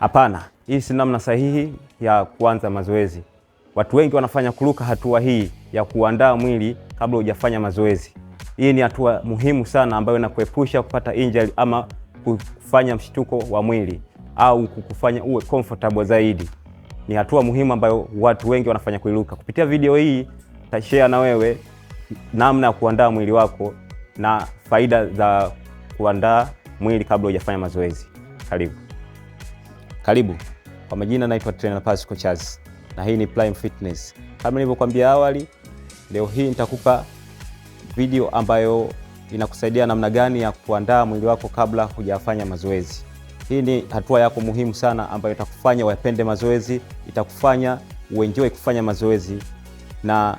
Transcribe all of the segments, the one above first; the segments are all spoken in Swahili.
Hapana, hii si namna sahihi ya kuanza mazoezi. Watu wengi wanafanya kuruka hatua hii ya kuandaa mwili kabla hujafanya mazoezi. Hii ni hatua muhimu sana ambayo inakuepusha kupata injury ama kufanya mshtuko wa mwili au kukufanya uwe comfortable zaidi. Ni hatua muhimu ambayo watu wengi wanafanya kuiruka. Kupitia video hii tashare na wewe namna ya kuandaa mwili wako na faida za kuandaa mwili kabla hujafanya mazoezi. Karibu. Karibu. Kwa majina naitwa Trainer Pascal Chazi na hii ni Prime Fitness. Kama nilivyokuambia awali, leo hii nitakupa video ambayo inakusaidia namna gani ya kuandaa mwili wako kabla hujafanya mazoezi. Hii ni hatua yako muhimu sana ambayo itakufanya wapende mazoezi, itakufanya uenjoy kufanya mazoezi, na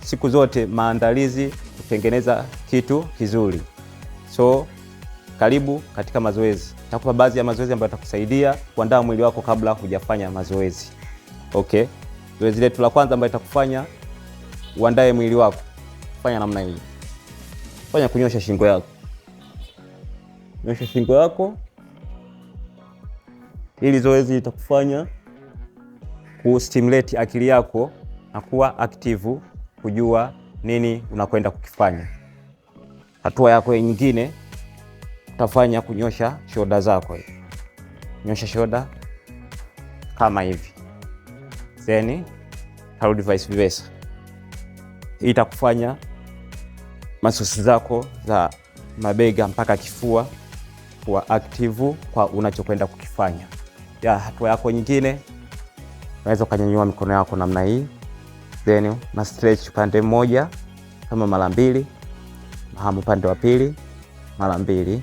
siku zote maandalizi kutengeneza kitu kizuri. So karibu katika mazoezi. Nitakupa baadhi ya mazoezi ambayo yatakusaidia kuandaa mwili wako kabla hujafanya mazoezi. Okay, zoezi letu la kwanza ambayo itakufanya uandae mwili wako, fanya namna hii. Fanya kunyosha shingo yako, nyosha shingo yako. Hili zoezi litakufanya kustimulate akili yako na kuwa aktivu kujua nini unakwenda kukifanya. Hatua yako nyingine utafanya kunyosha shoda zako hivi. Nyosha shoda kama hivi, then tarudi vice versa. Hii itakufanya masusi zako za mabega mpaka kifua kuwa aktivu kwa unachokwenda kukifanya. Ya hatua yako nyingine, unaweza ukanyanyua mikono yako namna hii, then na stretch upande mmoja kama mara mbili, hamu upande wa pili mara mbili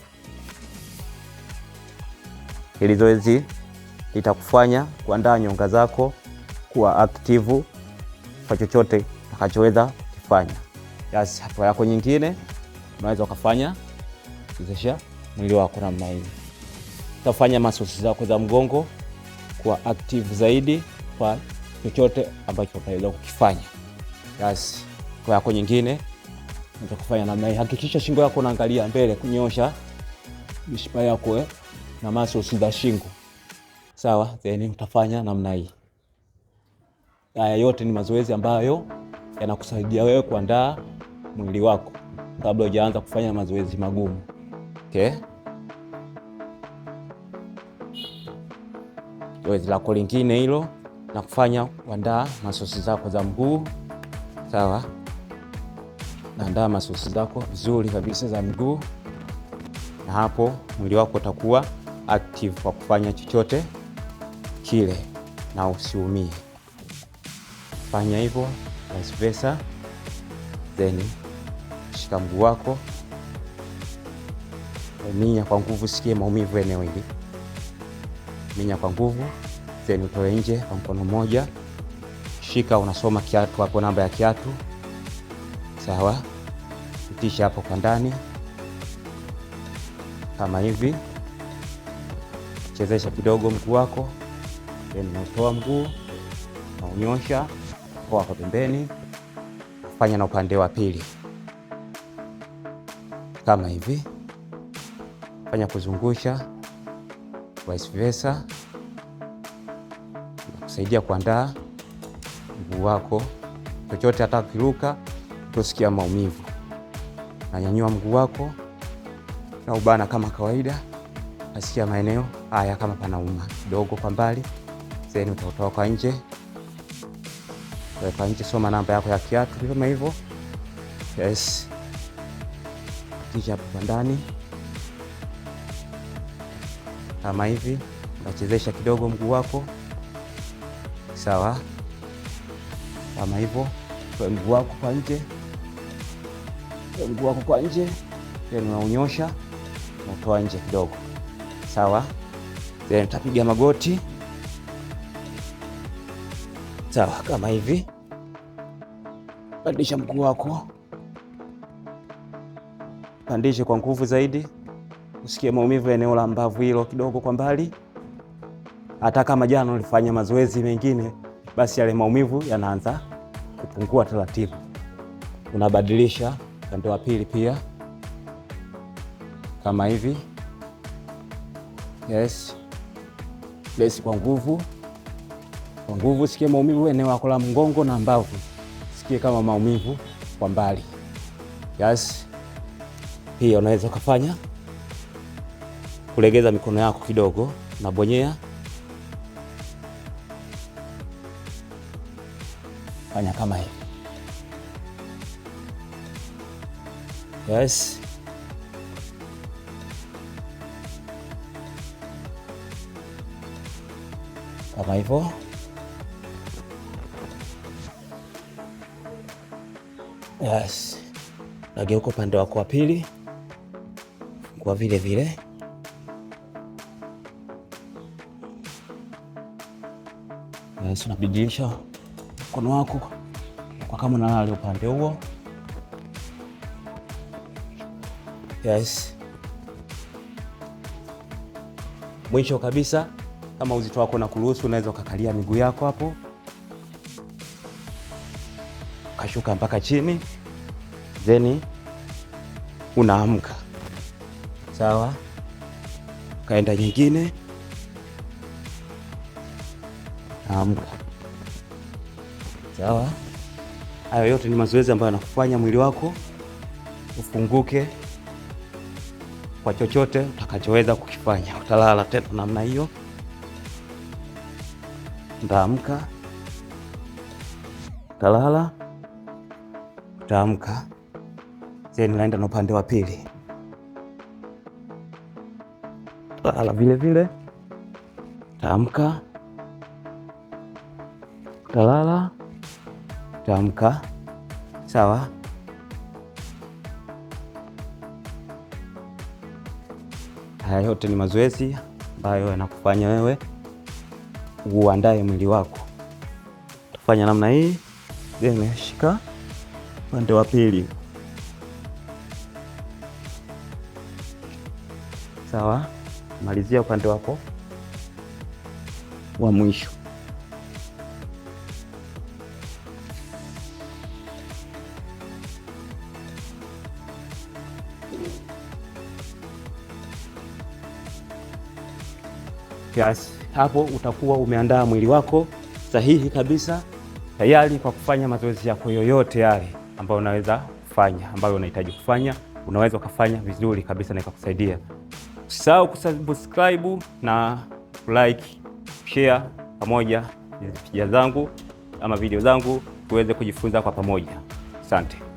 Hili zoezi litakufanya kuandaa nyonga zako kuwa aktivu kwa chochote utakachoweza kufanya. Yes, hatua yako nyingine unaweza ukafanya kuzesha mwili wako namna hii, utafanya masosi zako za mgongo kuwa aktivu zaidi kwa chochote ambacho utaweza kukifanya. Yes, hatua yako nyingine unaweza kufanya namna hii, hakikisha shingo yako unaangalia mbele, kunyoosha mishipa yako eh na muscles za shingo. Sawa, then utafanya namna hii. Haya yote ni mazoezi ambayo yanakusaidia wewe kuandaa mwili wako kabla hujaanza kufanya mazoezi magumu. Okay. Zoezi lako lingine hilo na kufanya kuandaa masosi zako za mguu. Sawa, naandaa masosi zako vizuri kabisa za mguu na hapo mwili wako utakuwa active kwa kufanya chochote kile na usiumie. Fanya hivyo vice versa, then shika mguu wako, minya kwa nguvu, sikie maumivu eneo hili, minya kwa nguvu, then utoe nje kwa mkono mmoja, shika, unasoma kiatu hapo, namba ya kiatu, sawa? Pitisha hapo kwa ndani kama hivi unachezesha kidogo mguu wako, then unatoa mguu, naunyosha toa kwa pembeni, fanya na upande wa pili kama hivi, fanya kuzungusha, vice versa, kusaidia kuandaa mguu wako. Chochote hata kiruka, utasikia maumivu. Nanyanyua mguu wako na ubana kama kawaida nasikia maeneo haya kama panauma kidogo kwa mbali, then utatoka nje, kwa nje, soma namba yako ya kiatu kama hivyo, yes, kisha hapa ndani kama hivi unachezesha kidogo mguu wako, sawa, kama hivyo, kwa mguu wako kwa nje, mguu wako kwa nje, then unaunyosha, unatoa nje kidogo sawa. Then tapiga magoti sawa, kama hivi. Pandisha mguu wako, pandishe kwa nguvu zaidi, usikie maumivu eneo la mbavu hilo kidogo kwa mbali. Hata kama jana ulifanya mazoezi mengine, basi yale maumivu yanaanza kupungua taratibu. Unabadilisha upande wa pili pia kama hivi. Yes. Press kwa nguvu, kwa nguvu. Sikie maumivu eneo lako la mgongo na mbavu, sikie kama maumivu kwa mbali. Yes. Pia unaweza ukafanya kulegeza mikono yako kidogo, nabonyea. Fanya kama hivi. Yes. kama hivyo. Yes, nageuka upande wako wa pili kwa vile vile yes, unabadilisha mkono wako kwa kama nalali upande huo yes. Mwisho kabisa kama uzito wako na kuruhusu, unaweza ukakalia miguu yako hapo, ukashuka mpaka chini, then unaamka. Sawa, ukaenda nyingine, naamka. Sawa, hayo yote ni mazoezi ambayo yanakufanya mwili wako ufunguke kwa chochote utakachoweza kukifanya. Utalala tena namna hiyo. Ntaamka, talala, taamka then naenda na upande wa pili, talala vile vile, taamka, talala, taamka. Sawa. Haya yote ni mazoezi ambayo yanakufanya wewe uandae mwili wako. Tufanya namna hii, then shika upande wa pili. Sawa, malizia upande wako wa mwisho. Kiasi hapo utakuwa umeandaa mwili wako sahihi kabisa tayari kwa kufanya mazoezi yako yoyote yale ambayo unaweza kufanya, ambayo unahitaji kufanya, unaweza ukafanya vizuri kabisa na ikakusaidia. Usisahau kusubscribe na like, share pamoja picha zangu ama video zangu tuweze kujifunza kwa pamoja. Asante.